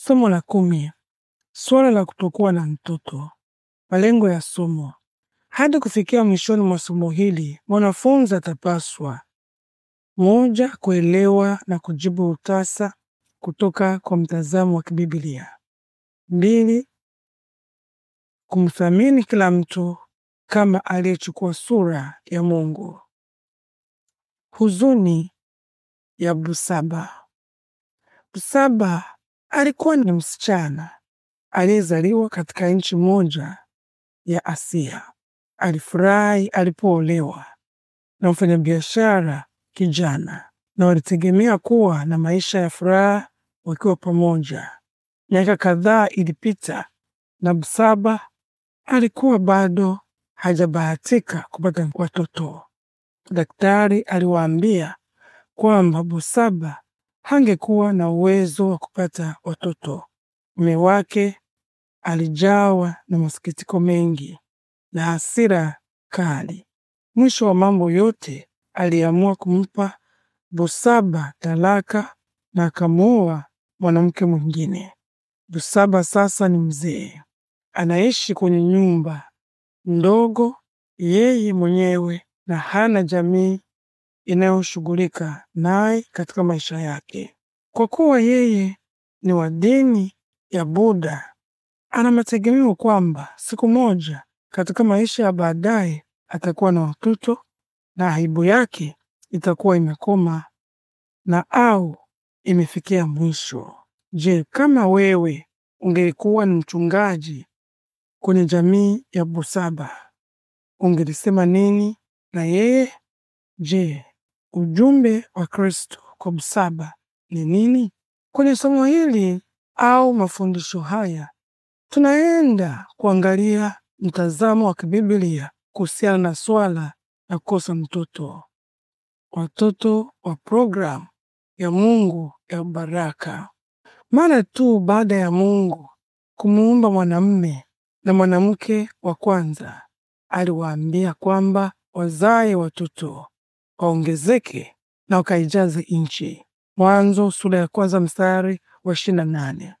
Somo la kumi: suala la kutokuwa na mtoto. Malengo ya somo: hadi kufikia mwishoni mwa somo hili, mwanafunzi atapaswa: moja, kuelewa na kujibu utasa kutoka kwa mtazamo wa kibiblia; mbili, kumthamini kila mtu kama aliyechukua sura ya Mungu; huzuni ya busaba. Busaba alikuwa ni msichana aliyezaliwa katika nchi moja ya Asia. Alifurahi alipoolewa na mfanyabiashara kijana, na walitegemea kuwa na maisha ya furaha wakiwa pamoja. Miaka kadhaa ilipita na Busaba alikuwa bado hajabahatika kupata watoto. Daktari aliwaambia kwamba Busaba hangekuwa na uwezo wa kupata watoto. Mume wake alijawa na masikitiko mengi na hasira kali. Mwisho wa mambo yote, aliamua kumpa Busaba talaka na akamuoa mwanamke mwingine. Busaba sasa ni mzee, anaishi kwenye nyumba ndogo yeye mwenyewe na hana jamii inayoshughulika naye katika maisha yake. Kwa kuwa yeye ni wa dini ya buda ana mategemeo kwamba siku moja katika maisha ya baadaye atakuwa na watoto na aibu yake itakuwa imekoma na au imefikia mwisho. Je, kama wewe ungelikuwa ni mchungaji kwenye jamii ya Busaba, ungelisema nini na yeye? Je, Ujumbe wa Kristo kwa msaba ni nini? Kwenye somo hili au mafundisho haya tunaenda kuangalia mtazamo wa kibiblia kuhusiana na swala la kukosa mtoto, watoto wa programu ya Mungu ya baraka. Mara tu baada ya Mungu kumuumba mwanamume na mwanamke wa kwanza, aliwaambia kwamba wazae watoto kaongezeke na ukaijaze nchi. Mwanzo sura ya kwanza mstari wa ishirini na nane.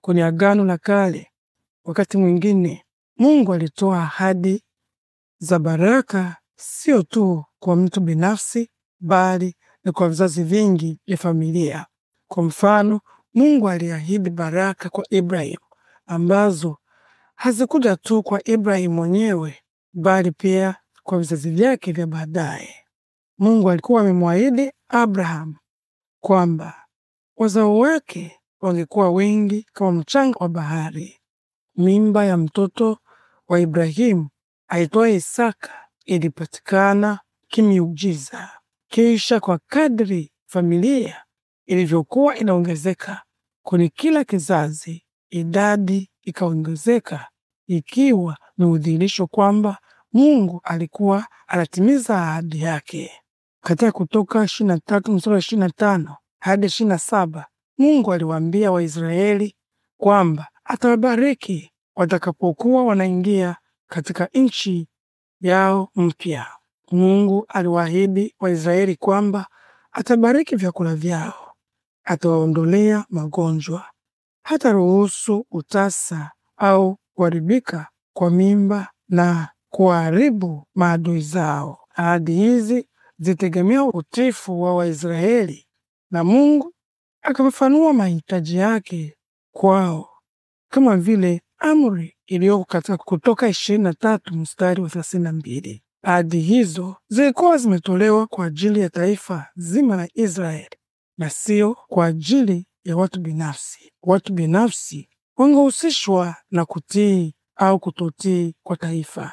Kwenye Agano la Kale, wakati mwingine Mungu alitoa ahadi za baraka sio tu kwa mtu binafsi, bali na kwa vizazi vingi vya familia. Kwa mfano, Mungu aliahidi baraka kwa ibrahimu ambazo hazikuja tu kwa ibrahimu mwenyewe, bali pia kwa vizazi vyake vya baadaye. Mungu alikuwa amemwahidi abraham kwamba wazao wake wangekuwa wengi kama mchanga wa bahari. Mimba ya mtoto wa Ibrahimu aitwaye Isaka ilipatikana kimiujiza. Kisha kwa kadri familia ilivyokuwa inaongezeka kwenye kila kizazi, idadi ikaongezeka, ikiwa ni udhihirisho kwamba Mungu alikuwa anatimiza ahadi yake. Katika Kutoka ishirini tatu mstari wa tano hadi ishirini saba Mungu aliwaambia Waisraeli kwamba atawabariki watakapokuwa wanaingia katika nchi yao mpya. Mungu aliwaahidi Waisraeli kwamba atabariki vyakula vyao, atawaondolea magonjwa, hata ruhusu utasa au kuharibika kwa mimba na kuharibu maadui zao. Ahadi hizi zitegemea utifu wa Waisraeli na Mungu akafafanua mahitaji yake kwao kama vile amri iliyokata Kutoka 23 mstari wa 32. Ahadi hizo zilikuwa zimetolewa kwa ajili ya taifa zima la Israeli na sio kwa ajili ya watu binafsi. Watu binafsi wangehusishwa na kutii au kutotii kwa taifa.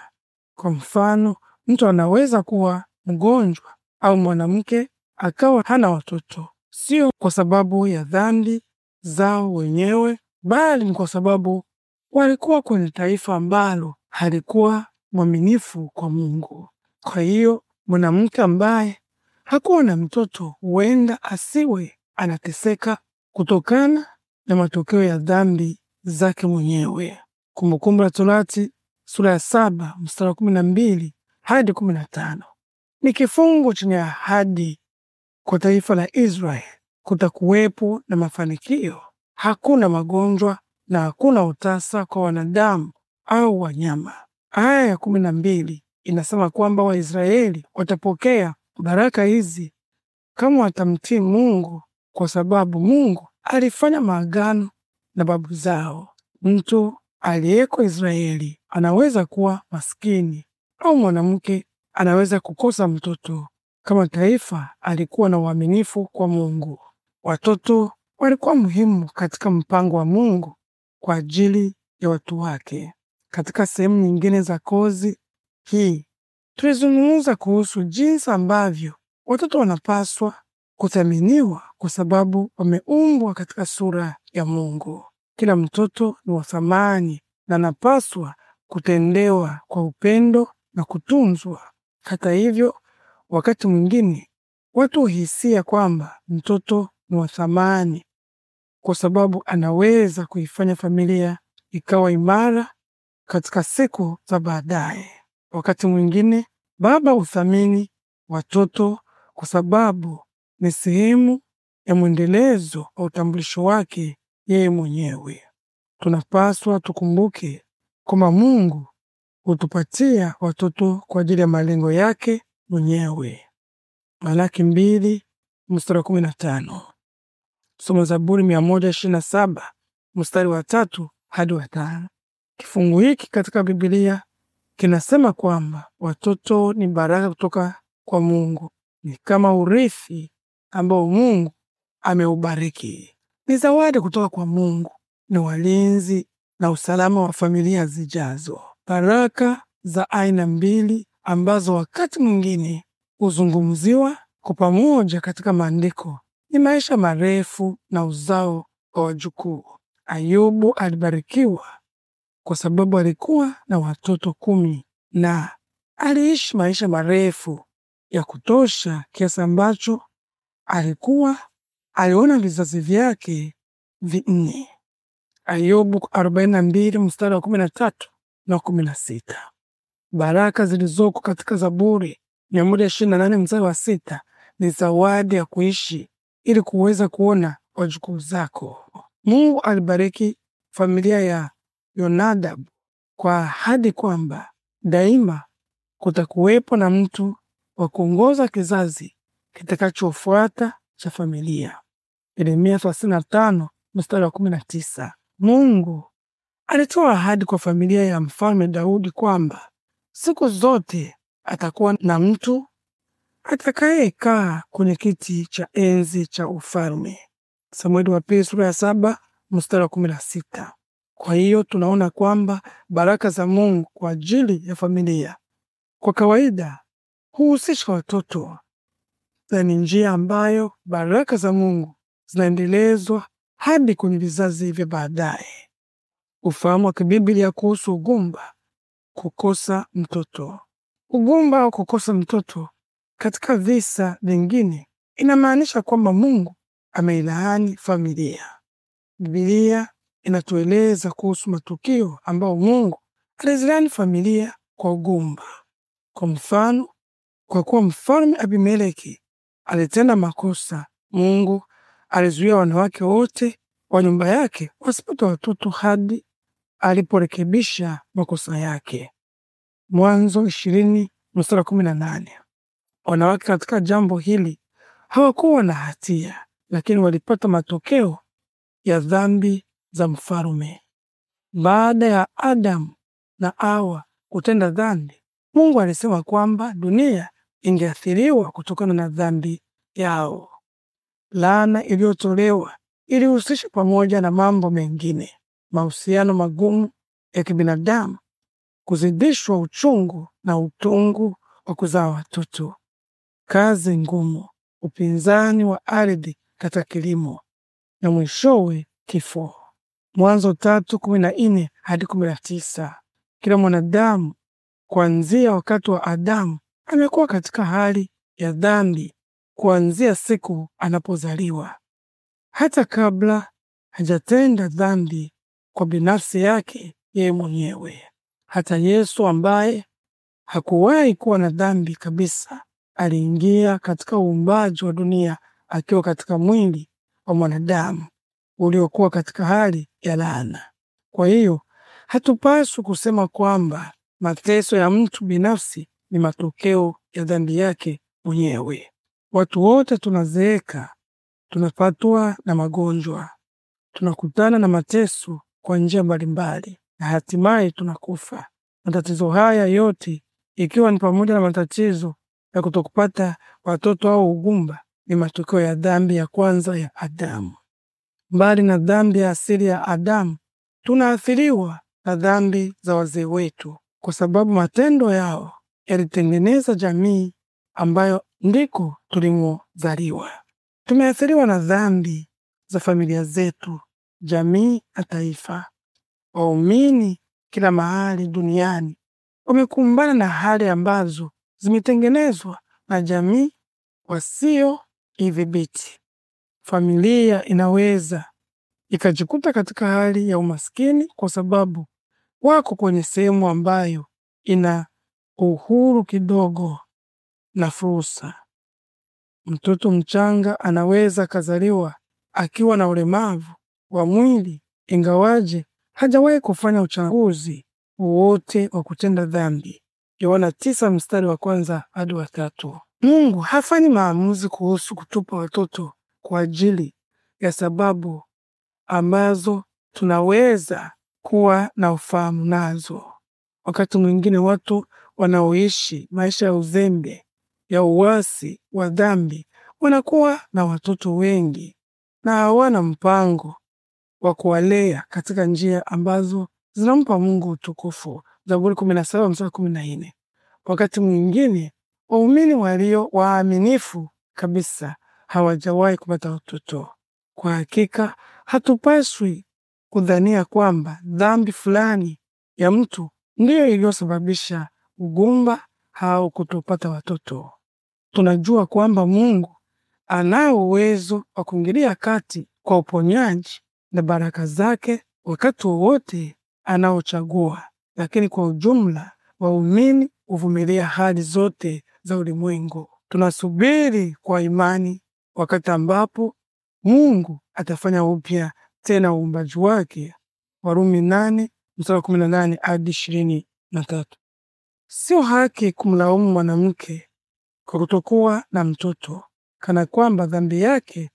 Kwa mfano, mtu anaweza kuwa mgonjwa au mwanamke akawa hana watoto, sio kwa sababu ya dhambi zao wenyewe, bali ni kwa sababu walikuwa kwenye taifa ambalo halikuwa mwaminifu kwa Mungu. Kwa hiyo mwanamke ambaye hakuwa na mtoto huenda asiwe anateseka kutokana na matokeo ya dhambi zake mwenyewe. Kumbukumbu la Torati sura ya saba mstari wa kumi na mbili hadi kumi na tano ni kifungu chenye ahadi kwa taifa la Israeli. Kutakuwepo na mafanikio, hakuna magonjwa na hakuna utasa kwa wanadamu au wanyama. Aya ya kumi na mbili inasema kwamba Waisraeli watapokea baraka hizi kama watamtii Mungu, kwa sababu Mungu alifanya maagano na babu zao. Mtu aliyeko Israeli anaweza kuwa maskini au mwanamke anaweza kukosa mtoto. Kama taifa, alikuwa na uaminifu kwa Mungu. Watoto walikuwa muhimu katika mpango wa Mungu kwa ajili ya watu wake. Katika sehemu nyingine za kozi hii tulizungumza kuhusu jinsi ambavyo watoto wanapaswa kuthaminiwa kwa sababu wameumbwa katika sura ya Mungu. Kila mtoto ni wa thamani na anapaswa kutendewa kwa upendo na kutunzwa hata hivyo, wakati mwingine watu huhisia kwamba mtoto ni wa thamani kwa sababu anaweza kuifanya familia ikawa imara katika siku za baadaye. Wakati mwingine baba huthamini watoto kwa sababu ni sehemu ya mwendelezo wa utambulisho wake yeye mwenyewe. Tunapaswa tukumbuke kwamba Mungu hutupatia watoto kwa ajili ya malengo yake mwenyewe. Malaki mbili mstari wa kumi na tano. Soma Zaburi mia moja ishirini na saba mstari wa tatu hadi wa tano. Kifungu hiki katika Biblia kinasema kwamba watoto ni baraka kutoka kwa Mungu, ni kama urithi ambao Mungu ameubariki, ni zawadi kutoka kwa Mungu, ni walinzi na usalama wa familia zijazo baraka za aina mbili ambazo wakati mwingine huzungumziwa kwa pamoja katika maandiko ni maisha marefu na uzao wa wajukuu. Ayubu alibarikiwa kwa sababu alikuwa na watoto kumi na aliishi maisha marefu ya kutosha kiasi ambacho alikuwa aliona vizazi vyake vinne. Ayubu 42 mstari wa na kumi na sita. Baraka zilizoko katika Zaburi mia moja ishirini na nane mstari wa sita ni zawadi ya kuishi ili kuweza kuona wajukuu zako. Mungu alibariki familia ya Yonadabu kwa ahadi kwamba daima kutakuwepo na mtu wa kuongoza kizazi kitakachofuata cha familia. Yeremia 35 mstari wa 19. Mungu Alitoa ahadi kwa familia ya Mfalme Daudi kwamba siku zote atakuwa na mtu atakayekaa kwenye kiti cha enzi cha ufalme. Samueli wa pili sura ya saba mstari wa kumi na sita. Kwa hiyo tunaona kwamba baraka za Mungu kwa ajili ya familia kwa kawaida huhusisha watoto, na ni njia ambayo baraka za Mungu zinaendelezwa hadi kwenye vizazi vya baadaye. Ufahamu wa kibiblia kuhusu ugumba, kukosa mtoto. Ugumba wa kukosa mtoto katika visa vingine inamaanisha kwamba Mungu ameilaani familia. Biblia inatueleza kuhusu matukio ambayo Mungu alizilaani familia kwa ugumba. Kwa mfano, kwa kuwa mfalme Abimeleki alitenda makosa, Mungu alizuia wanawake wote wa nyumba yake wasipata watoto hadi aliporekebisha makosa yake. Mwanzo ishirini mstari kumi na nane. Wanawake katika jambo hili hawakuwa na hatia, lakini walipata matokeo ya dhambi za mfarume. Baada ya Adamu na awa kutenda dhambi, Mungu alisema kwamba dunia ingeathiriwa kutokana na dhambi yao. Laana iliyotolewa ilihusisha pamoja na mambo mengine mahusiano magumu ya kibinadamu, kuzidishwa uchungu na utungu wa kuzaa watoto, kazi ngumu, upinzani wa ardhi katika kilimo na mwishowe kifo. Mwanzo tatu kumi na nne hadi kumi na tisa. Kila mwanadamu kuanzia wakati wa Adamu amekuwa katika hali ya dhambi kuanzia siku anapozaliwa. Hata kabla hajatenda dhambi, kwa binafsi yake yeye mwenyewe. Hata Yesu ambaye hakuwahi kuwa na dhambi kabisa aliingia katika uumbaji wa dunia akiwa katika mwili wa mwanadamu uliokuwa katika hali ya laana. Kwa hiyo hatupaswi kusema kwamba mateso ya mtu binafsi ni matokeo ya dhambi yake mwenyewe. Watu wote tunazeeka, tunapatwa na magonjwa, tunakutana na mateso kwa njia mbalimbali na hatimaye tunakufa. Matatizo haya yote ikiwa ni pamoja na matatizo ya kutokupata watoto au ugumba ni matokeo ya dhambi ya kwanza ya Adamu. Mbali na dhambi ya asili ya Adamu, tunaathiriwa na dhambi za wazee wetu, kwa sababu matendo yao yalitengeneza jamii ambayo ndiko tulimozaliwa. Tumeathiriwa na dhambi za familia zetu jamii na taifa. Waumini kila mahali duniani wamekumbana na hali ambazo zimetengenezwa na jamii wasio idhibiti. Familia inaweza ikajikuta katika hali ya umaskini kwa sababu wako kwenye sehemu ambayo ina uhuru kidogo na fursa. Mtoto mchanga anaweza akazaliwa akiwa na ulemavu wa mwili, ingawaje hajawahi kufanya uchanguzi wowote wa kutenda dhambi. Yohana tisa mstari wa kwanza hadi wa tatu. Mungu hafanyi maamuzi kuhusu kutupa watoto kwa ajili ya sababu ambazo tunaweza kuwa na ufahamu nazo. Wakati mwingine watu wanaoishi maisha ya uzembe, ya uwasi wa dhambi, wanakuwa na watoto wengi na hawana mpango wa kuwalea katika njia ambazo zinampa Mungu utukufu. Zaburi 17 mstari 14. Wakati mwingine waumini walio waaminifu kabisa hawajawahi kupata watoto. Kwa hakika, hatupaswi kudhania kwamba dhambi fulani ya mtu ndiyo iliyosababisha ugumba au kutopata watoto. Tunajua kwamba Mungu anao uwezo wa kuingilia kati kwa uponyaji na baraka zake wakati wowote anaochagua. Lakini kwa ujumla, waumini huvumilia hali zote za ulimwengu. Tunasubiri kwa imani wakati ambapo Mungu atafanya upya tena uumbaji wake. Warumi nane mstari kumi na nane hadi ishirini na tatu. Sio haki kumlaumu mwanamke kwa kutokuwa na mtoto kana kwamba dhambi yake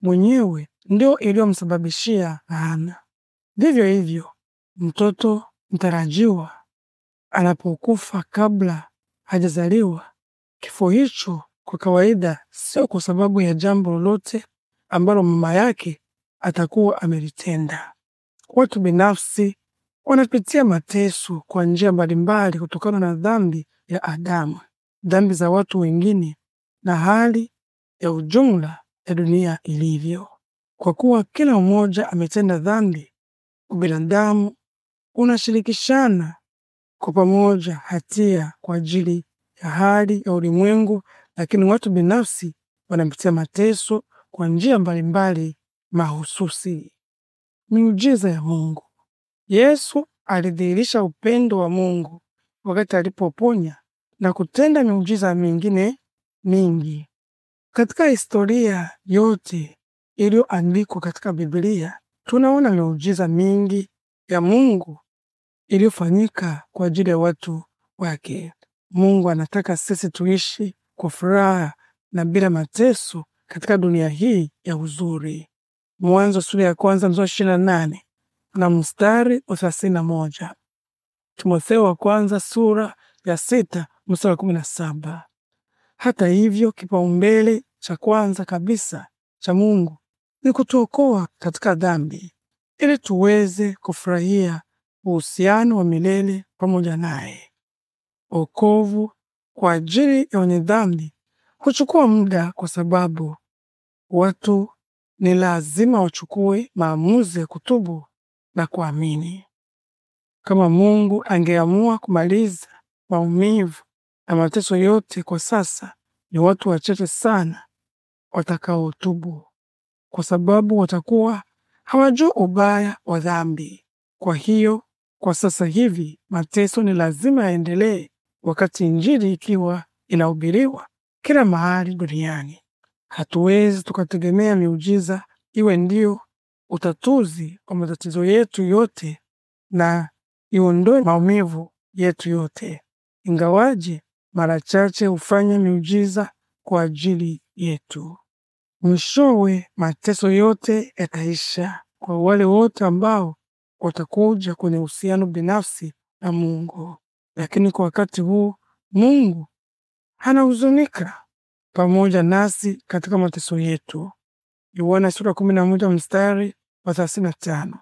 mwenyewe ndio iliyomsababishia laana. Vivyo hivyo, mtoto mtarajiwa anapokufa kabla hajazaliwa, kifo hicho kwa kawaida sio kwa sababu ya jambo lolote ambalo mama yake atakuwa amelitenda. Watu binafsi wanapitia mateso kwa njia mbalimbali kutokana na dhambi ya Adamu, dhambi za watu wengine na hali ya ujumla ya dunia ilivyo. Kwa kuwa kila mmoja ametenda dhambi, ubinadamu unashirikishana kwa pamoja hatia kwa ajili ya hali ya ulimwengu, lakini watu binafsi wanapitia mateso kwa njia mbalimbali mahususi. Miujiza ya Mungu. Yesu alidhihirisha upendo wa Mungu wakati alipoponya na kutenda miujiza mingine mingi. Katika historia yote iliyoandikwa katika Biblia, tunaona miujiza mingi ya Mungu iliyofanyika kwa ajili ya watu wake. Mungu anataka sisi tuishi kwa furaha na bila mateso katika dunia hii ya uzuri. Mwanzo sura ya kwanza mstari ishirini na nane na mstari wa thelathini na moja. Timotheo wa kwanza sura ya sita mstari wa kumi na saba. Hata hivyo, kipaumbele cha kwanza kabisa cha Mungu ni kutuokoa katika dhambi ili tuweze kufurahia uhusiano wa milele pamoja naye. Wokovu kwa ajili ya wenye dhambi huchukua muda, kwa sababu watu ni lazima wachukue maamuzi ya kutubu na kuamini. Kama Mungu angeamua kumaliza maumivu na mateso yote kwa sasa, ni watu wachache sana watakaotubu kwa sababu watakuwa hawajui ubaya wa dhambi. Kwa hiyo kwa sasa hivi mateso ni lazima yaendelee, wakati injili ikiwa inahubiriwa kila mahali duniani. Hatuwezi tukategemea miujiza iwe ndio utatuzi wa matatizo yetu yote na iondoe maumivu yetu yote, ingawaje mara chache hufanya miujiza kwa ajili yetu. Mwishowe mateso yote yataisha kwa wale wote ambao watakuja kwenye uhusiano binafsi na Mungu. Lakini kwa wakati huu Mungu anahuzunika pamoja nasi katika mateso yetu, Yohana sura moja mstari wa tano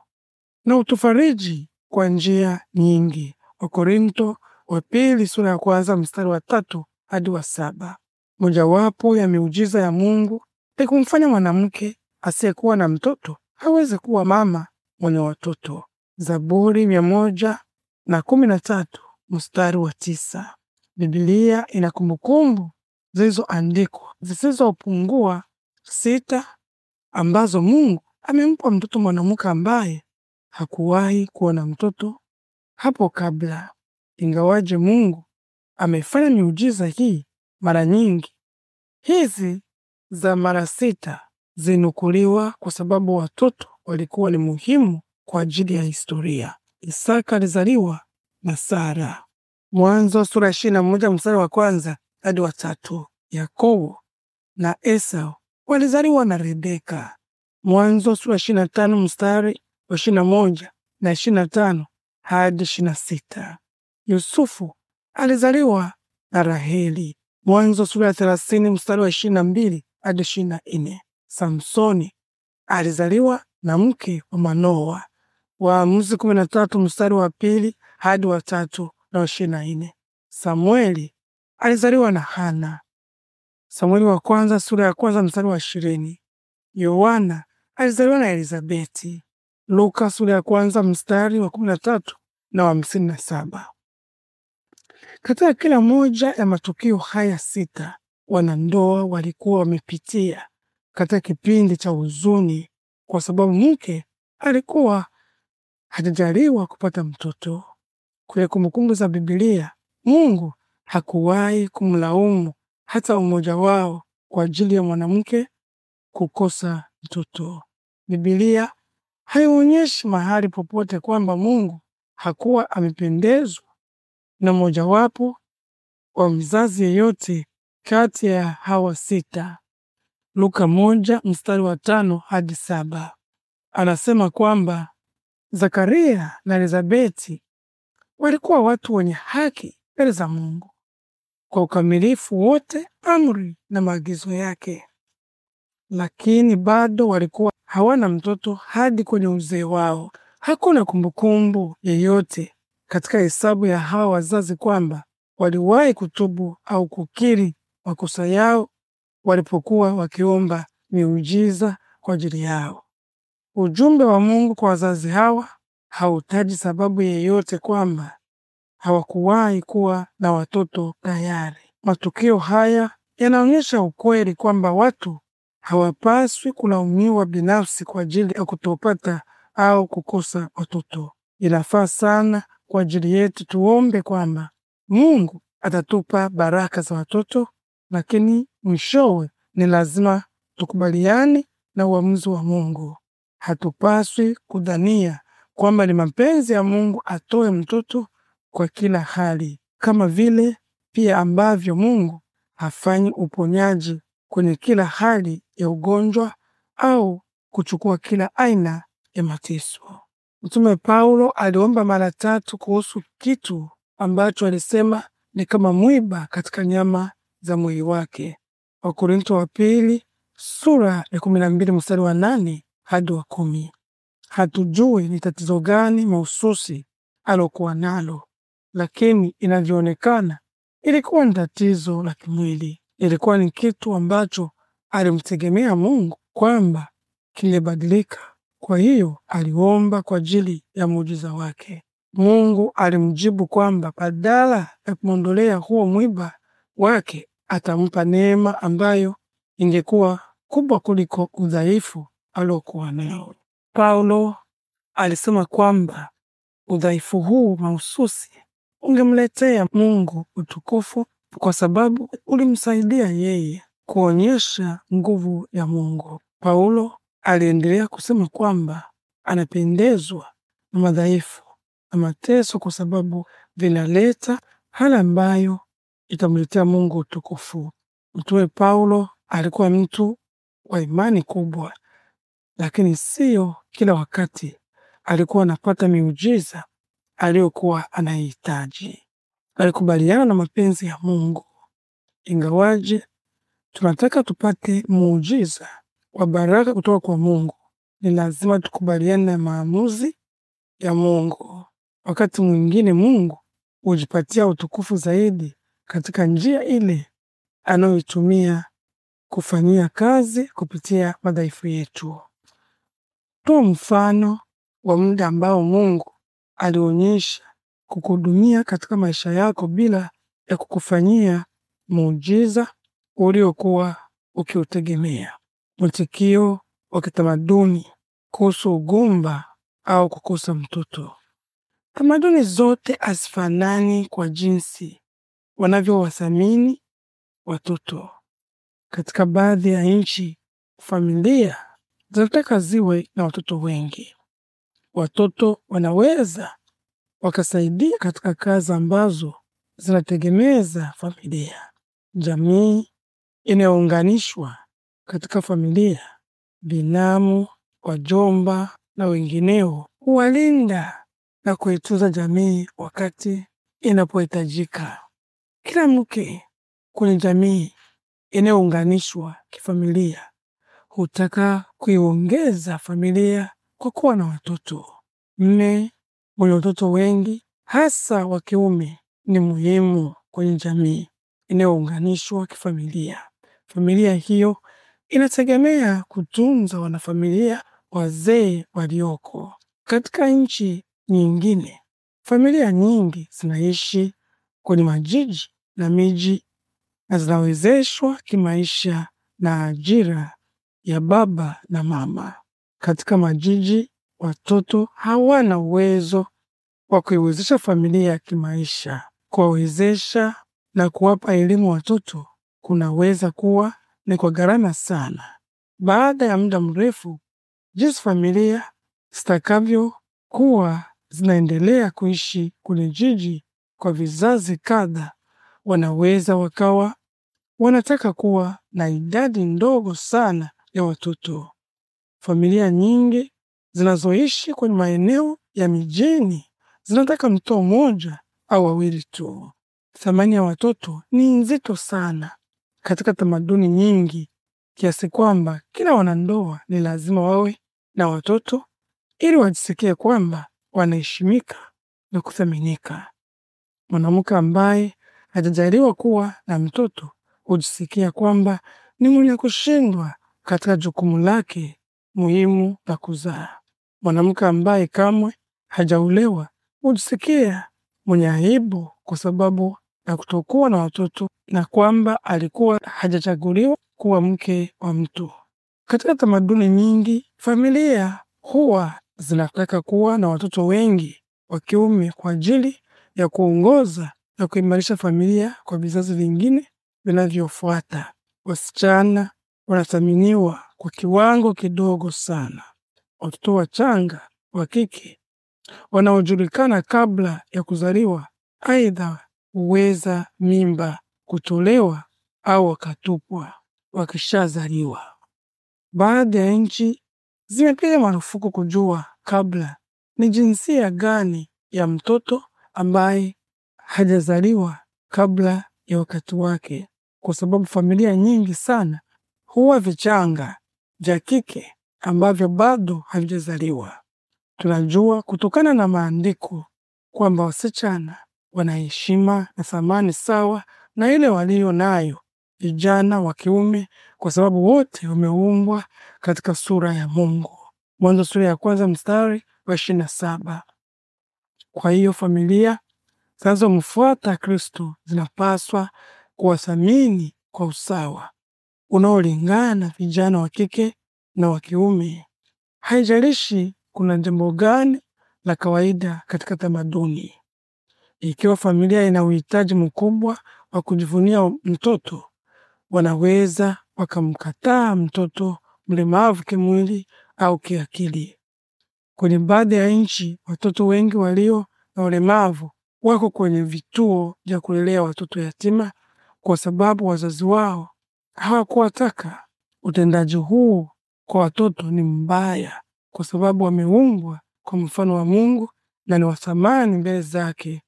na utufariji kwa njia nyingi, Wakorinto wa pili sura ya kwanza mstari wa tatu hadi wa saba. Mojawapo ya miujiza ya Mungu haikumfanya mwanamke asiyekuwa na mtoto haweze kuwa mama mwenye watoto. Zaburi mia moja na kumi na tatu mstari wa tisa. Biblia ina kumbukumbu zilizoandikwa zisizopungua sita ambazo Mungu amempa mtoto mwanamke ambaye hakuwahi kuwa na mtoto hapo kabla. Ingawaje Mungu amefanya miujiza hii mara nyingi, hizi za mara sita zinukuliwa kwa sababu watoto walikuwa ni muhimu kwa ajili ya historia. Isaka alizaliwa na Sara. Mwanzo sura ishirini na moja mstari wa kwanza hadi watatu. Yakobo na Esau walizaliwa na Rebeka. Mwanzo sura ishirini na tano mstari wa ishirini na moja na ishirini na tano hadi ishirini na sita. Yusufu alizaliwa na Raheli. Mwanzo sura ya thelathini mstari wa ishirini na mbili hadi ishirini na nne. Samsoni alizaliwa na mke wa Manoa. Waamuzi kumi na tatu mstari wa pili hadi wa tatu na ishirini na nne. Samueli alizaliwa na Hana. Samueli wa kwanza sura ya kwanza mstari wa ishirini. Yohana alizaliwa na Elizabeti. Luka sura ya kwanza mstari wa kumi na tatu na wa hamsini na saba. Katika kila moja ya matukio haya sita wanandoa walikuwa wamepitia katika kipindi cha huzuni, kwa sababu mke alikuwa hajajaliwa kupata mtoto. Kwenye Kumbukumbu za Biblia, Mungu hakuwahi kumlaumu hata umoja wao kwa ajili ya mwanamke kukosa mtoto. Biblia haionyeshi mahali popote kwamba Mungu hakuwa amependezwa na mmojawapo wa mzazi yeyote kati ya hawa sita. Luka moja mstari wa tano hadi saba anasema kwamba Zakaria na Elizabeti walikuwa watu wenye haki mbele za Mungu kwa ukamilifu wote amri na maagizo yake, lakini bado walikuwa hawana mtoto hadi kwenye uzee wao. Hakuna kumbukumbu yeyote katika hesabu ya hawa wazazi kwamba waliwahi kutubu au kukiri makosa yao walipokuwa wakiomba miujiza kwa ajili yao. Ujumbe wa Mungu kwa wazazi hawa hautaji sababu yeyote kwamba hawakuwahi kuwa na watoto tayari. Matukio haya yanaonyesha ukweli kwamba watu hawapaswi kulaumiwa binafsi kwa ajili ya kutopata au kukosa watoto. Inafaa sana kwa ajili yetu tuombe kwamba Mungu atatupa baraka za watoto lakini mwishowe ni lazima tukubaliane na uamuzi wa Mungu. Hatupaswi kudhania kwamba ni mapenzi ya Mungu atoe mtoto kwa kila hali, kama vile pia ambavyo Mungu hafanyi uponyaji kwenye kila hali ya ugonjwa au kuchukua kila aina ya mateso. Mtume Paulo aliomba mara tatu kuhusu kitu ambacho alisema ni kama mwiba katika nyama za mwili wake. Wakorintho wa pili sura ya kumi na mbili mstari wa nane hadi wa kumi. Hatujui ni tatizo gani mahususi alokuwa nalo, lakini inavyoonekana ilikuwa ni tatizo la kimwili. Ilikuwa ni kitu ambacho alimtegemea Mungu kwamba kilibadilika. Kwa hiyo aliomba kwa ajili ya muujiza wake. Mungu alimjibu kwamba badala ya kumwondolea huo mwiba wake atampa neema ambayo ingekuwa kubwa kuliko udhaifu aliokuwa nao. Paulo alisema kwamba udhaifu huu mahususi ungemletea Mungu utukufu kwa sababu ulimsaidia yeye kuonyesha nguvu ya Mungu. Paulo aliendelea kusema kwamba anapendezwa na madhaifu na mateso kwa sababu vinaleta hali ambayo itamletea Mungu utukufu. Mtume Paulo alikuwa mtu wa imani kubwa, lakini siyo kila wakati alikuwa anapata miujiza aliyokuwa anahitaji. Alikubaliana na mapenzi ya Mungu, ingawaje tunataka tupate muujiza wa baraka kutoka kwa Mungu, ni lazima tukubaliane na maamuzi ya Mungu. Wakati mwingine Mungu hujipatia utukufu zaidi katika njia ile anayoitumia kufanyia kazi kupitia madhaifu yetu. Toa mfano wa muda ambao Mungu alionyesha kukuhudumia katika maisha yako bila ya kukufanyia muujiza uliokuwa ukiutegemea. Mwitikio wa kitamaduni kuhusu ugumba au kukosa mtoto. Tamaduni zote hazifanani kwa jinsi wanavyowathamini watoto. Katika baadhi ya nchi, familia zinataka ziwe na watoto wengi. Watoto wanaweza wakasaidia katika kazi ambazo zinategemeza familia. Jamii inayounganishwa katika familia, binamu, wajomba na wengineo huwalinda na kuitunza jamii wakati inapohitajika. Kila mke kwenye jamii inayounganishwa kifamilia hutaka kuiongeza familia kwa kuwa na watoto. Mme mwenye watoto wengi hasa wa kiume ni muhimu kwenye jamii inayounganishwa kifamilia. Familia hiyo inategemea kutunza wanafamilia wazee walioko. Katika nchi nyingine, familia nyingi zinaishi kwenye majiji na miji na zinawezeshwa kimaisha na ajira ya baba na mama. Katika majiji, watoto hawana uwezo wa kuiwezesha familia ya kimaisha. Kuwawezesha na kuwapa elimu watoto kunaweza kuwa ni kwa gharama sana. Baada ya muda mrefu, jinsi familia zitakavyokuwa zinaendelea kuishi kwenye jiji kwa vizazi kadha wanaweza wakawa wanataka kuwa na idadi ndogo sana ya watoto. Familia nyingi zinazoishi kwenye maeneo ya mijini zinataka mtoto mmoja au wawili tu. Thamani ya watoto ni nzito sana katika tamaduni nyingi, kiasi kwamba kila wanandoa ni lazima wawe na watoto ili wajisikie kwamba wanaheshimika na kuthaminika. Mwanamke ambaye hatajaliwa kuwa na mtoto hujisikia kwamba ni mwenye kushindwa katika jukumu lake muhimu la kuzaa. Mwanamke ambaye kamwe hajaolewa hujisikia mwenye aibu kwa sababu ya kutokuwa na watoto na kwamba alikuwa hajachaguliwa kuwa mke wa mtu. Katika tamaduni nyingi, familia huwa zinataka kuwa na watoto wengi wa kiume kwa ajili ya kuongoza na kuimarisha familia kwa vizazi vingine vinavyofuata. Wasichana wanathaminiwa kwa kiwango kidogo sana. Watoto wachanga wa kike wanaojulikana kabla ya kuzaliwa, aidha huweza mimba kutolewa au wakatupwa wakishazaliwa. Baadhi ya nchi zimepiga marufuku kujua kabla ni jinsia gani ya mtoto ambaye hajazaliwa kabla ya wakati wake, kwa sababu familia nyingi sana huwa vichanga vya kike ambavyo bado havijazaliwa. Tunajua kutokana na maandiko kwamba wasichana wana heshima na thamani sawa na ile walio nayo vijana wa kiume, kwa sababu wote wameumbwa katika sura ya Mungu. Mwanzo sura ya kwanza mstari wa ishirini na saba. Kwa hiyo familia zinazomfuata Kristo zinapaswa kuwathamini kwa usawa unaolingana vijana wa kike na wa kiume. Haijalishi kuna jambo gani la kawaida katika tamaduni. Ikiwa familia ina uhitaji mkubwa wa kujivunia mtoto, wanaweza wakamkataa mtoto mlemavu kimwili au kiakili. Kwenye baadhi ya nchi, watoto wengi walio na ulemavu wako kwenye vituo vya kulelea watoto yatima kwa sababu wazazi wao hawakuwataka. Utendaji huu kwa watoto ni mbaya, kwa sababu wameumbwa kwa mfano wa Mungu na ni wathamani mbele zake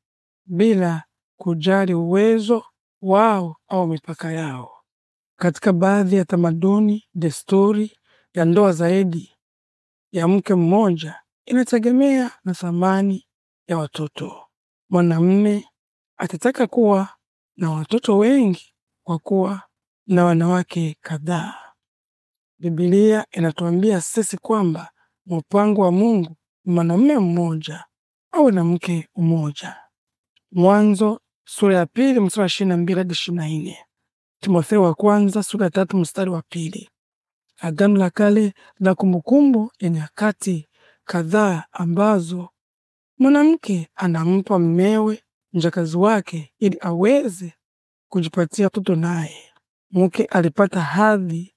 bila kujali uwezo wao au mipaka yao. Katika baadhi ya tamaduni, desturi ya ndoa zaidi ya mke mmoja inategemea na thamani ya watoto mwanamme atataka kuwa na watoto wengi kwa kuwa na wanawake kadhaa. Biblia inatuambia sisi kwamba mpango wa Mungu ni mwanamme mmoja awe na mke mmoja. Mwanzo sura ya pili mstari wa ishirini na mbili hadi ishirini na nne. Timotheo wa kwanza sura ya tatu mstari wa pili. Agano la Kale na Kumbukumbu ya Nyakati kadhaa ambazo Mwanamke anampa mmewe mjakazi wake ili aweze kujipatia watoto naye. Mke alipata hadhi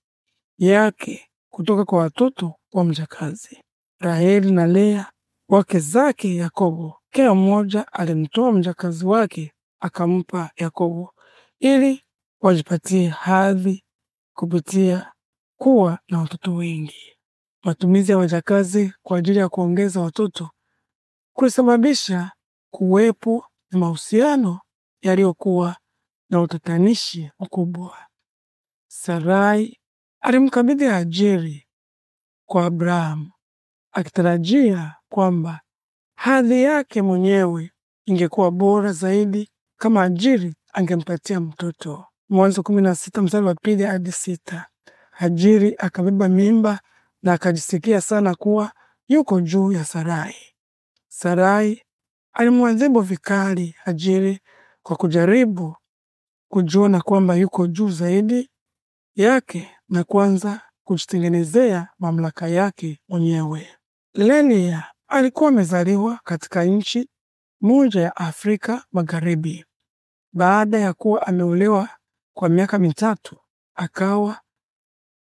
yake kutoka kwa watoto wa mjakazi. Raheli na Lea wake zake Yakobo, kila mmoja alimtoa mjakazi wake akampa Yakobo ili wajipatie hadhi kupitia kuwa na watoto wengi. Matumizi ya wajakazi kwa ajili ya kuongeza watoto kulisababisha kuwepo na mahusiano yaliyokuwa na utatanishi mkubwa. Sarai alimkabidhi Hajiri kwa Abrahamu akitarajia kwamba hadhi yake mwenyewe ingekuwa bora zaidi kama Hajiri angempatia mtoto. Mwanzo kumi na sita mstari wa pili hadi sita. Hajiri akabeba mimba na akajisikia sana kuwa yuko juu ya Sarai. Sarai alimwadhibu vikali Hajiri kwa kujaribu kujiona kwamba yuko juu zaidi yake na kuanza kujitengenezea mamlaka yake mwenyewe. Lelia alikuwa amezaliwa katika nchi moja ya Afrika Magharibi. Baada ya kuwa ameolewa kwa miaka mitatu, akawa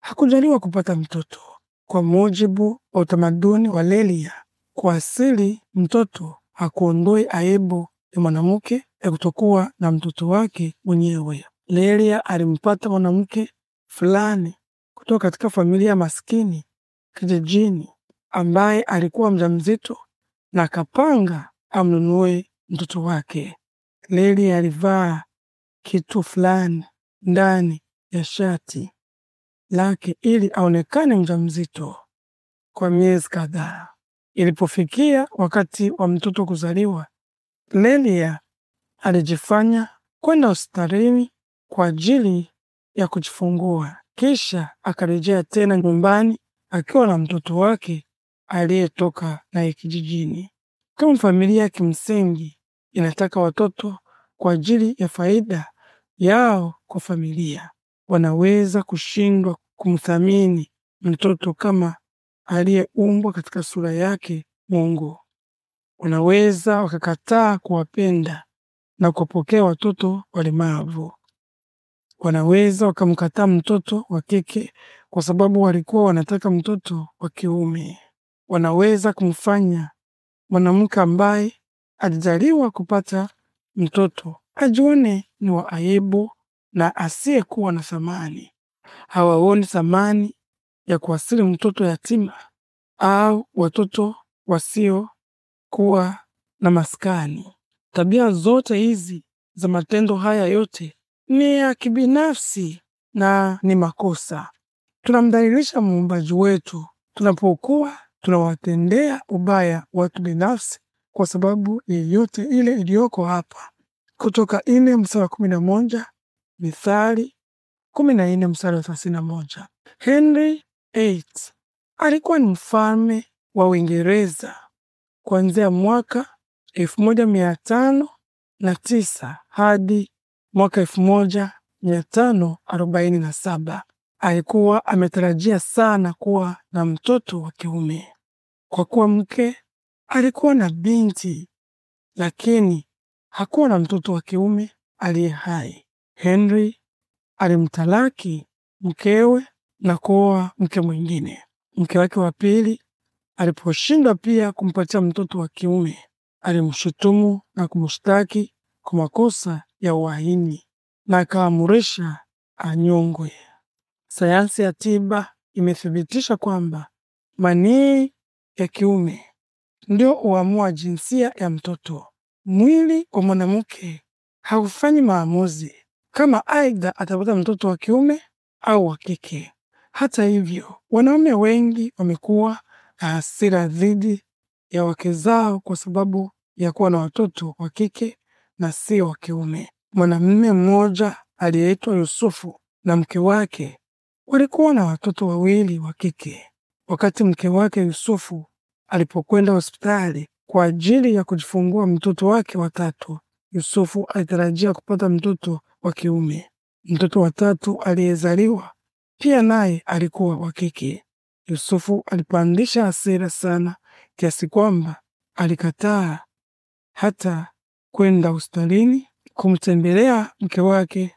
hakujaliwa kupata mtoto. Kwa mujibu wa utamaduni wa Lelia, kwa asili mtoto hakuondoi aibu ya mwanamke ya kutokuwa na mtoto wake mwenyewe. Lelia alimpata mwanamke fulani kutoka katika familia maskini kijijini ambaye alikuwa mjamzito na akapanga amnunue mtoto wake. Lelia alivaa kitu fulani ndani ya shati lake ili aonekane mjamzito kwa miezi kadhaa. Ilipofikia wakati wa mtoto kuzaliwa, Lelia alijifanya kwenda hospitalini kwa ajili ya kujifungua, kisha akarejea tena nyumbani akiwa na mtoto wake aliyetoka naye kijijini. Kama familia ya kimsingi inataka watoto kwa ajili ya faida yao kwa familia, wanaweza kushindwa kumthamini mtoto kama aliyeumbwa katika sura yake Mungu. Unaweza wakakataa kuwapenda na kuwapokea watoto walemavu. Wanaweza wakamkataa mtoto wa kike kwa sababu walikuwa wanataka mtoto wa kiume. Wanaweza kumfanya mwanamke ambaye alijaliwa kupata mtoto ajione ni wa aibu na asiyekuwa na thamani. Hawaoni thamani ya kuasili mtoto yatima au watoto wasiokuwa na maskani. Tabia zote hizi za matendo haya yote ni ya kibinafsi na ni makosa. Tunamdhalilisha muumbaji wetu tunapokuwa tunawatendea ubaya watu binafsi kwa sababu yeyote ile iliyoko hapa, Kutoka ine mstari wa kumi na moja Mithali kumi na ine mstari wa thelathini na moja Henry Yates alikuwa ni mfalme wa Uingereza kuanzia mwaka 1509 hadi mwaka 1547. Alikuwa ametarajia sana kuwa na mtoto wa kiume kwa kuwa mke alikuwa na binti, lakini hakuwa na mtoto wa kiume aliye hai. Henry alimtalaki mkewe na kuoa mke mwingine. Mke wake wa pili aliposhindwa pia kumpatia mtoto wa kiume, alimshutumu na kumshtaki kwa makosa ya uhaini na akaamurisha anyongwe. Sayansi ya tiba imethibitisha kwamba manii ya kiume ndio uamua jinsia ya mtoto. Mwili wa mwanamke haufanyi maamuzi kama aidha atapata mtoto wa kiume au wa kike. Hata hivyo, wanaume wengi wamekuwa na ah, hasira dhidi ya wake zao kwa sababu ya kuwa na watoto wa kike na si wa kiume. Mwanamume mmoja aliyeitwa Yusufu na mke wake walikuwa na watoto wawili wa kike. Wakati mke wake Yusufu alipokwenda hospitali kwa ajili ya kujifungua mtoto wake watatu, Yusufu alitarajia kupata mtoto wa kiume. Mtoto wa tatu aliyezaliwa pia naye alikuwa wa kike. Yusufu alipandisha hasira sana kiasi kwamba alikataa hata kwenda hospitalini kumtembelea mke wake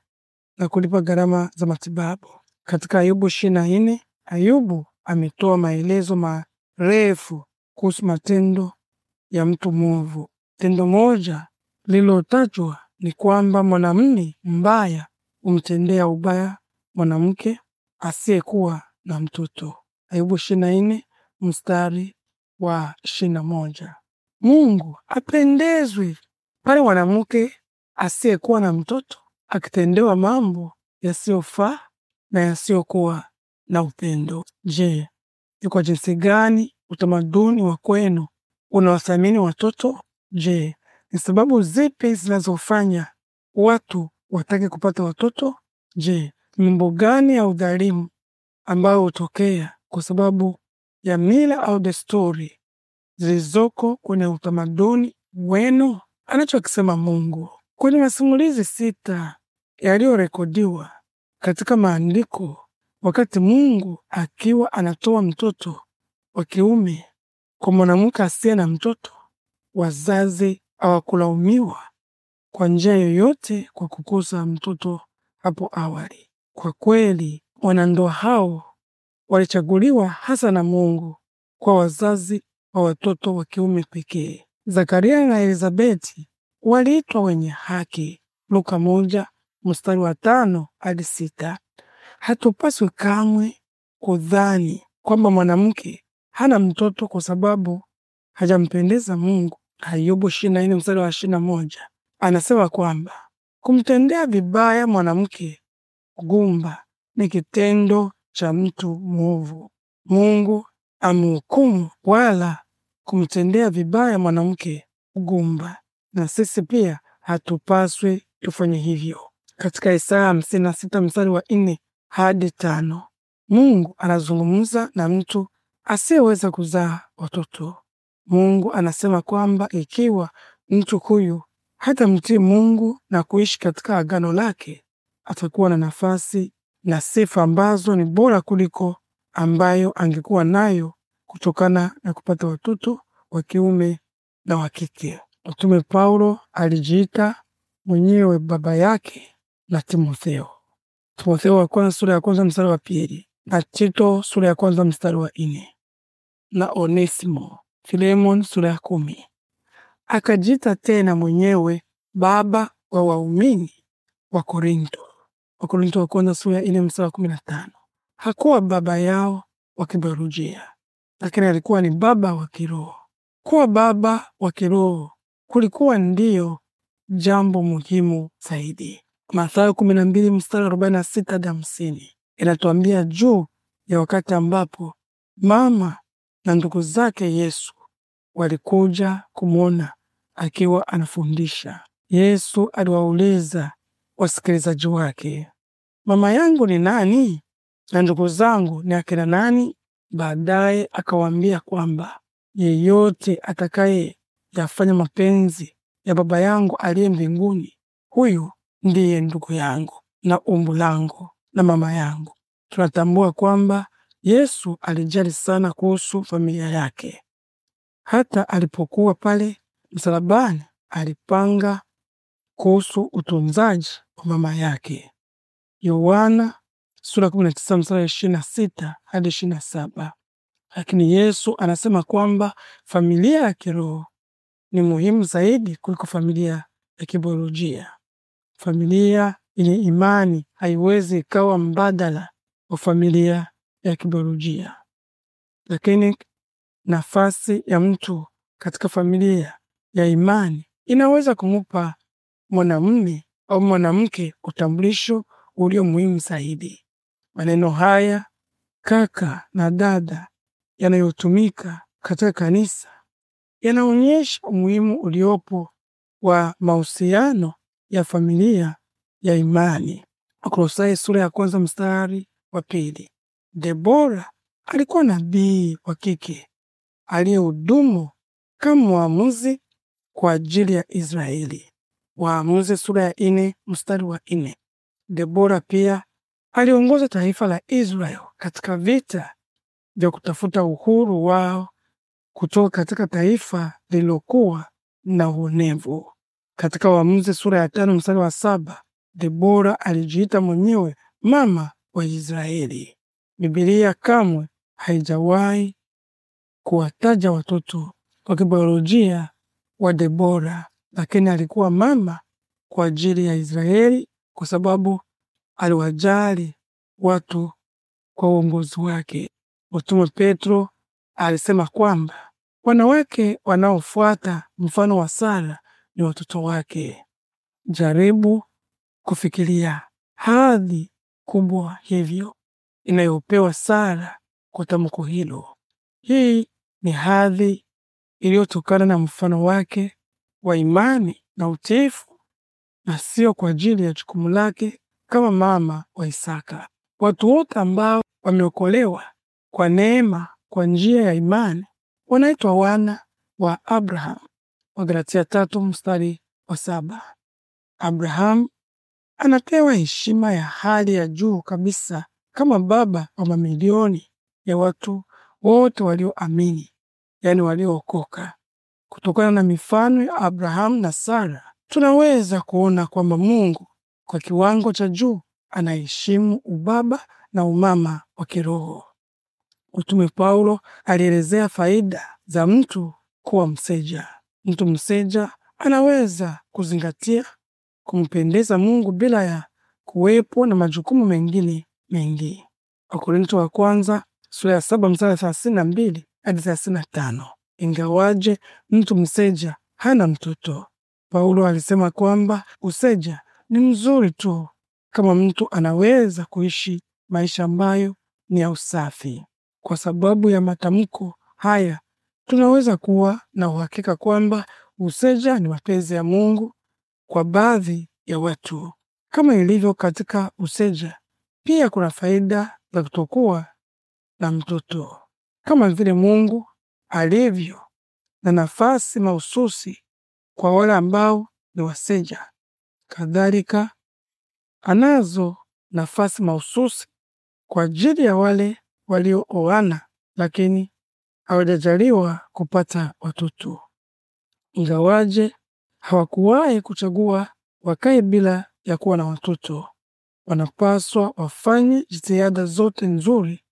na kulipa gharama za matibabu. Katika Ayubu ishirini na nne, Ayubu ametoa maelezo marefu kuhusu matendo ya mtu mwovu. Tendo moja lililotajwa ni kwamba mwanamume mbaya umtendea ubaya mwanamke asiyekuwa na mtoto. Ayubu ishirini na nne mstari wa ishirini na moja. Mungu apendezwi pale mwanamke asiyekuwa na mtoto akitendewa mambo yasiyofaa na yasiyokuwa na upendo. Je, ni kwa jinsi gani utamaduni wa kwenu unawathamini watoto? Je, ni sababu zipi zinazofanya watu watake kupata watoto? Je, Mambo gani ya udhalimu ambayo hutokea kwa sababu ya mila au desturi zilizoko kwenye utamaduni wenu? Anachokisema Mungu kwenye masimulizi sita yaliyorekodiwa katika maandiko, wakati Mungu akiwa anatoa mtoto wa kiume kwa mwanamke asiye na mtoto, wazazi hawakulaumiwa kwa njia yoyote kwa kukosa mtoto hapo awali. Kwa kweli wanandoa hao walichaguliwa hasa na Mungu kwa wazazi wa watoto wa kiume pekee. Zakaria na Elizabeti waliitwa wenye haki, Luka moja mstari wa tano hadi sita. Hatupaswi kamwe kudhani kwamba mwanamke hana mtoto kwa sababu hajampendeza Mungu. Ayubu 24 mstari wa 21 anasema kwamba kumtendea vibaya mwanamke Kugumba ni kitendo cha mtu mwovu. Mungu amhukumu wala kumtendea vibaya mwanamke kugumba, na sisi pia hatupaswi tufanye hivyo. Katika Isaya hamsini na sita mstari wa nne hadi tano Mungu anazungumza na mtu asiyeweza kuzaa watoto. Mungu anasema kwamba ikiwa mtu huyu hata mtii Mungu na kuishi katika agano lake, atakuwa na nafasi na sifa ambazo ni bora kuliko ambayo angekuwa nayo kutokana na kupata watoto wa kiume na wa kike. Mtume Paulo alijiita mwenyewe baba yake na Timotheo. Timotheo wa kwanza sura ya kwanza mstari wa pili na Tito sura ya kwanza mstari wa nne na Onesimo Filemon sura ya kumi. Akajiita tena mwenyewe baba wa waumini wa Korinto. Wakorintho wa kwanza sura mstari wa Hakuwa baba yao wa kibiolojia, lakini alikuwa ni baba wa kiroho. Kuwa baba wa kiroho kulikuwa ndiyo jambo muhimu zaidi. Mathayo 12 mstari 46 hadi 50 inatuambia juu ya wakati ambapo mama na ndugu zake Yesu walikuja kumwona akiwa anafundisha. Yesu aliwauliza wasikilizaji wake, mama yangu ni nani na ndugu zangu ni akina nani? Baadaye akawaambia kwamba yeyote atakaye yafanya mapenzi ya Baba yangu aliye mbinguni, huyu ndiye ndugu yangu na umbu langu na mama yangu. Tunatambua kwamba Yesu alijali sana kuhusu familia yake. Hata alipokuwa pale msalabani, alipanga kuhusu utunzaji wa mama yake. Yohana sura kumi mstari sita hadi saba. Lakini Yesu anasema kwamba familia ya kiroho ni muhimu zaidi kuliko familia ya kibiolojia. Familia yenye imani haiwezi ikawa mbadala wa familia ya kibiolojia, lakini nafasi ya mtu katika familia ya imani inaweza kumupa mwanamume au mwanamke utambulisho ulio muhimu zaidi. Maneno haya kaka na dada yanayotumika katika kanisa yanaonyesha umuhimu uliopo wa mahusiano ya familia ya imani. Wakolosai sura ya kwanza mstari wa pili. Debora alikuwa nabii wa kike aliyehudumu kama mwamuzi kwa ajili ya Israeli. Waamuzi sura ya ine mstari wa ine. Debora pia aliongoza taifa la Israel katika vita vya kutafuta uhuru wao kutoka katika taifa lililokuwa na uonevu. Katika Waamuzi sura ya tano mstari wa saba Debora alijiita mwenyewe mama wa Israeli. Biblia kamwe haijawahi kuwataja watoto wa kibiolojia wa Debora, lakini alikuwa mama kwa ajili ya Israeli kwa sababu aliwajali watu kwa uongozi wake. Mtume Petro alisema kwamba wanawake wanaofuata mfano wa Sara ni watoto wake. Jaribu kufikiria hadhi kubwa hivyo inayopewa Sara kwa tamko hilo. Hii ni hadhi iliyotokana na mfano wake wa imani na utiifu na sio kwa ajili ya jukumu lake kama mama wa Isaka. Watu wote ambao wameokolewa kwa neema kwa njia ya imani wanaitwa wana wa abrahamu Wagalatia tatu mstari wa saba. Abrahamu anapewa heshima ya hali ya juu kabisa kama baba wa mamilioni ya watu wote walioamini, yaani waliookoka. Kutokana na mifano ya Abrahamu na Sara, tunaweza kuona kwamba Mungu kwa kiwango cha juu anaheshimu ubaba na umama wa kiroho. Mtume Paulo alielezea faida za mtu kuwa mseja. Mtu mseja anaweza kuzingatia kumpendeza Mungu bila ya kuwepo na majukumu mengine mengi. Wakorintho wa kwanza sura ya saba mstari thelathini na mbili hadi thelathini na tano. Ingawaje mtu mseja hana mtoto, Paulo alisema kwamba useja ni mzuri tu kama mtu anaweza kuishi maisha ambayo ni ya usafi. Kwa sababu ya matamko haya, tunaweza kuwa na uhakika kwamba useja ni mapenzi ya Mungu kwa baadhi ya watu. Kama ilivyo katika useja, pia kuna faida za kutokuwa na mtoto, kama vile Mungu alivyo na nafasi mahususi kwa wale ambao ni waseja. Kadhalika anazo nafasi mahususi kwa ajili ya wale waliooana lakini hawajajaliwa kupata watoto, ingawaje hawakuwahi kuchagua wakae bila ya kuwa na watoto. Wanapaswa wafanye jitihada zote nzuri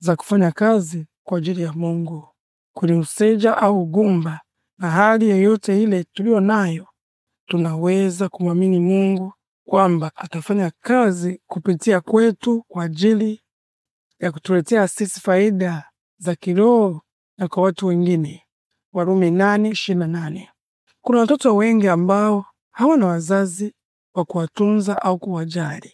za kufanya kazi kwa ajili ya Mungu. Kwenye useja au ugumba na hali yoyote ile tuliyo nayo, tunaweza kumwamini Mungu kwamba atafanya kazi kupitia kwetu kwa ajili ya kutuletea sisi faida za kiroho na kwa watu wengine. Warumi nane Kuna watoto wengi ambao hawana wazazi wa kuwatunza au kuwajali.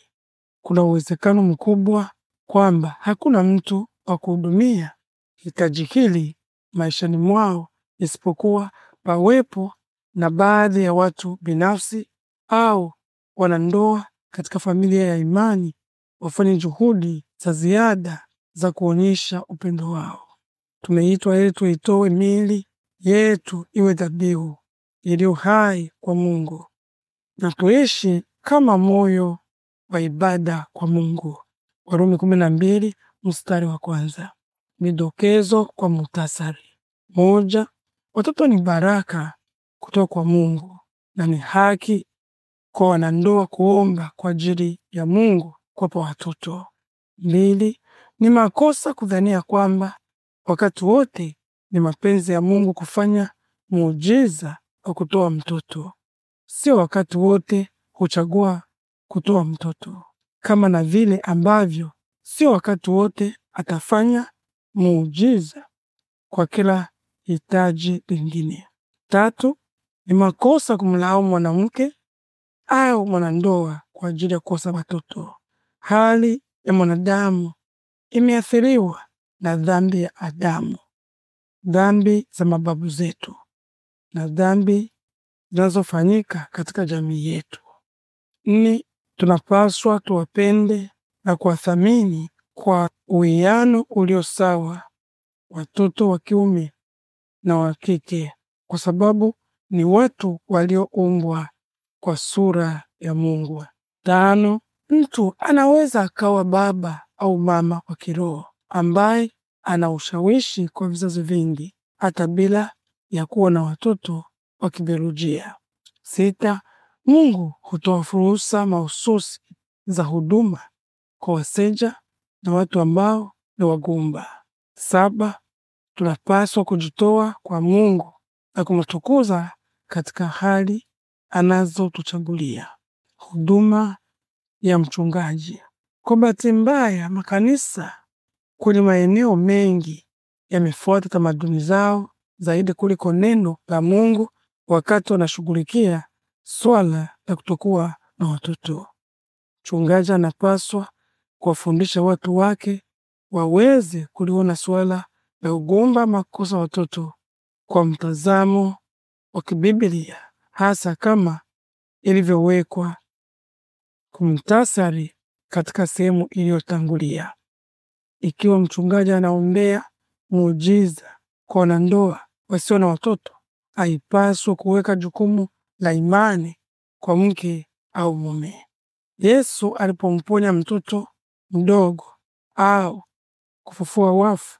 Kuna uwezekano mkubwa kwamba hakuna mtu wa kuhudumia hitaji hili maishani mwao isipokuwa pawepo na baadhi ya watu binafsi au wanandoa katika familia ya imani wafanye juhudi za ziada za kuonyesha upendo wao. Tumeitwa ili tuitoe miili yetu iwe dhabihu iliyo hai kwa Mungu na tuishi kama moyo wa ibada kwa Mungu. Warumi 12 mstari wa kwanza. Midokezo kwa muhtasari: moja, Watoto ni baraka kutoka kwa Mungu na ni haki kwa wanandoa kuomba kwa ajili ya Mungu kwapa watoto. Mbili, ni makosa kudhania kwamba wakati wote ni mapenzi ya Mungu kufanya muujiza wa kutoa mtoto. Sio wakati wote huchagua kutoa mtoto, kama na vile ambavyo sio wakati wote atafanya muujiza kwa kila hitaji lingine. Tatu, ni makosa kumlaumu mwanamke au mwanandoa kwa ajili ya kukosa watoto. Hali ya mwanadamu imeathiriwa na dhambi ya Adamu, dhambi za mababu zetu na dhambi zinazofanyika katika jamii yetu. Ni tunapaswa tuwapende na kuwathamini kwa uwiano ulio sawa watoto wa kiume na wa kike, kwa sababu ni watu walioumbwa kwa sura ya Mungu. Tano, mtu anaweza akawa baba au mama wa kiroho ambaye ana ushawishi kwa vizazi vingi hata bila ya kuwa na watoto wa kibiolojia. Sita, Mungu hutoa fursa mahususi za huduma kwa waseja na watu ambao ni wagumba. Saba, tunapaswa kujitoa kwa Mungu na kumtukuza katika hali anazotuchagulia. Huduma ya mchungaji. Kwa bahati mbaya, makanisa kwenye maeneo mengi yamefuata tamaduni zao zaidi kuliko neno la Mungu wakati wanashughulikia swala la kutokuwa na watoto. Mchungaji anapaswa kuwafundisha watu wake waweze kuliona swala na ugumba makosa watoto kwa mtazamo wa kibiblia, hasa kama ilivyowekwa kumtasari katika sehemu iliyotangulia. Ikiwa mchungaji anaombea muujiza kwa wanandoa wasio na watoto, haipaswi kuweka jukumu la imani kwa mke au mume. Yesu alipomponya mtoto mdogo au kufufua wafu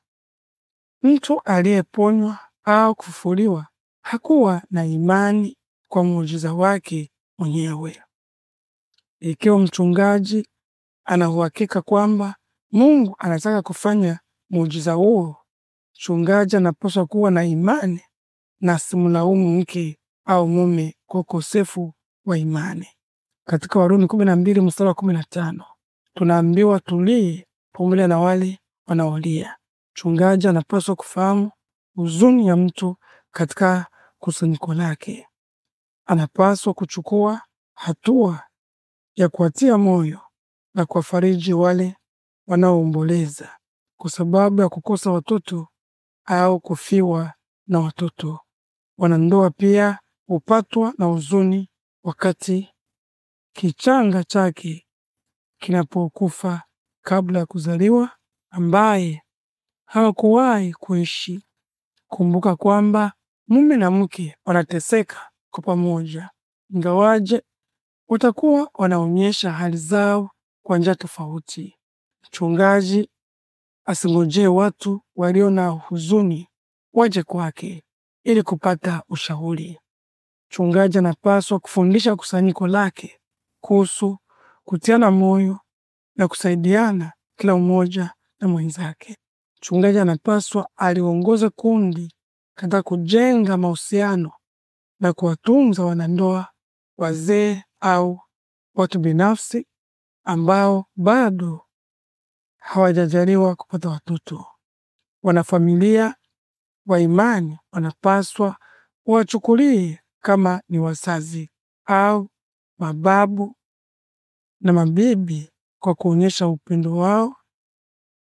Mtu aliyeponywa au kufufuliwa hakuwa na imani kwa muujiza wake mwenyewe. Ikiwa mchungaji anauhakika kwamba Mungu anataka kufanya muujiza huo, mchungaji anapaswa kuwa na imani na simulaumu mke au mume kwa ukosefu wa imani. Katika Warumi 12 mstari wa 15 tunaambiwa tulie pamoja na wale wanaolia. Mchungaji anapaswa kufahamu huzuni ya mtu katika kusanyiko lake. Anapaswa kuchukua hatua ya kuwatia moyo na kuwafariji wale wanaoomboleza kwa sababu ya kukosa watoto au kufiwa na watoto. Wanandoa pia hupatwa na huzuni wakati kichanga chake kinapokufa kabla ya kuzaliwa, ambaye hawakuwahi kuishi. Kumbuka kwamba mume na mke wanateseka kwa pamoja, ingawaje watakuwa wanaonyesha hali zao kwa njia tofauti. Mchungaji asingojee watu walio na huzuni waje kwake ili kupata ushauri. Mchungaji anapaswa kufundisha kusanyiko lake kuhusu kutiana moyo na kusaidiana kila mmoja na mwenzake. Mchungaji anapaswa aliongoze kundi katika kujenga mahusiano na kuwatunza wanandoa wazee au watu binafsi ambao bado hawajajaliwa kupata watoto. Wanafamilia wa imani wanapaswa wawachukulie kama ni wazazi au mababu na mabibi, kwa kuonyesha upendo wao,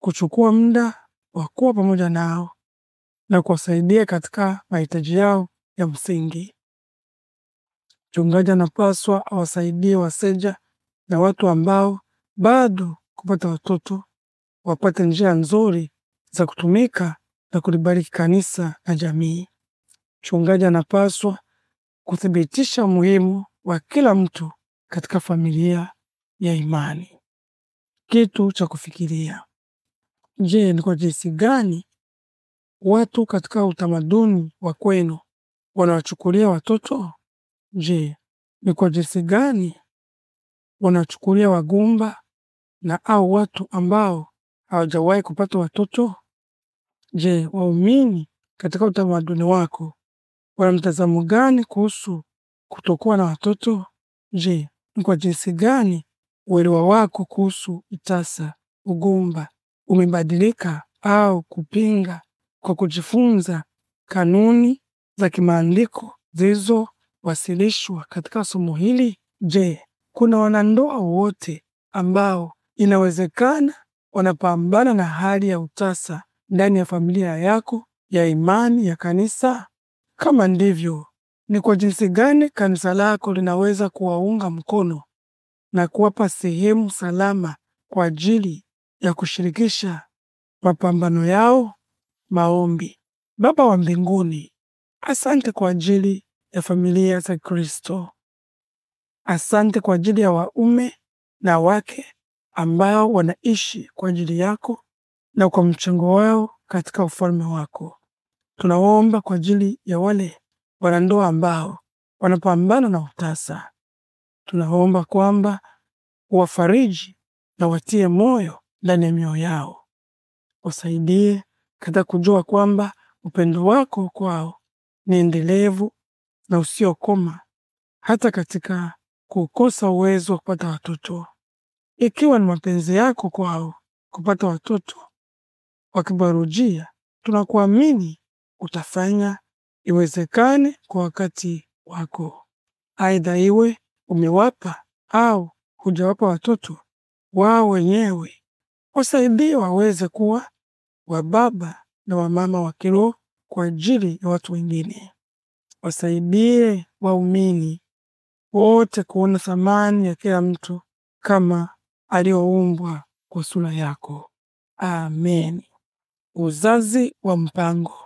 kuchukua muda wakuwa pamoja nao na kuwasaidia katika mahitaji yao ya msingi. Mchungaji anapaswa awasaidie waseja na watu ambao bado kupata watoto wapate njia nzuri za kutumika na kulibariki kanisa na jamii. Mchungaji anapaswa kuthibitisha umuhimu wa kila mtu katika familia ya imani. Kitu cha kufikiria. Je, ni kwa jinsi gani watu katika utamaduni wa kwenu wanawachukulia watoto? Je, ni kwa jinsi gani wanawachukulia wagumba na au watu ambao hawajawahi kupata watoto? Je, waumini katika utamaduni wako wana mtazamo gani kuhusu kutokuwa na watoto? Je, ni kwa jinsi gani uelewa wako kuhusu itasa, ugumba umebadilika au kupinga kwa kujifunza kanuni za kimaandiko zilizowasilishwa katika somo hili? Je, kuna wanandoa wote ambao inawezekana wanapambana na hali ya utasa ndani ya familia yako ya imani ya kanisa? Kama ndivyo, ni kwa jinsi gani kanisa lako linaweza kuwaunga mkono na kuwapa sehemu salama kwa ajili ya kushirikisha mapambano yao maombi. Baba wa mbinguni, asante kwa ajili ya familia za Kristo. Asante kwa ajili ya waume na wake ambao wanaishi kwa ajili yako na kwa mchango wao katika ufalme wako. Tunaomba kwa ajili ya wale wanandoa ambao wanapambana na utasa. Tunaomba kwamba uwafariji na watie moyo ndani ya mioyo yao. Wasaidie katika kujua kwamba upendo wako kwao ni endelevu na usiokoma, hata katika kukosa uwezo wa kupata watoto. Ikiwa ni mapenzi yako kwao kupata watoto wa kibiolojia, tunakuamini utafanya iwezekane kwa wakati wako. Aidha, iwe umewapa au hujawapa watoto wao wenyewe wasaidie waweze kuwa wababa na wamama wa kiroho kwa ajili ya watu wengine. Wasaidie waumini wote kuona thamani ya kila mtu kama aliyoumbwa kwa sura yako. Amen. Uzazi wa mpango.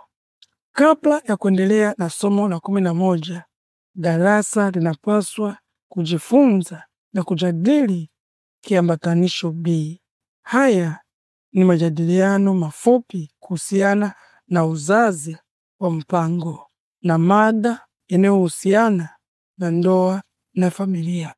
Kabla ya kuendelea na somo la kumi na moja, darasa linapaswa kujifunza na kujadili kiambatanisho B Haya ni majadiliano mafupi kuhusiana na uzazi wa mpango na mada inayohusiana na ndoa na familia.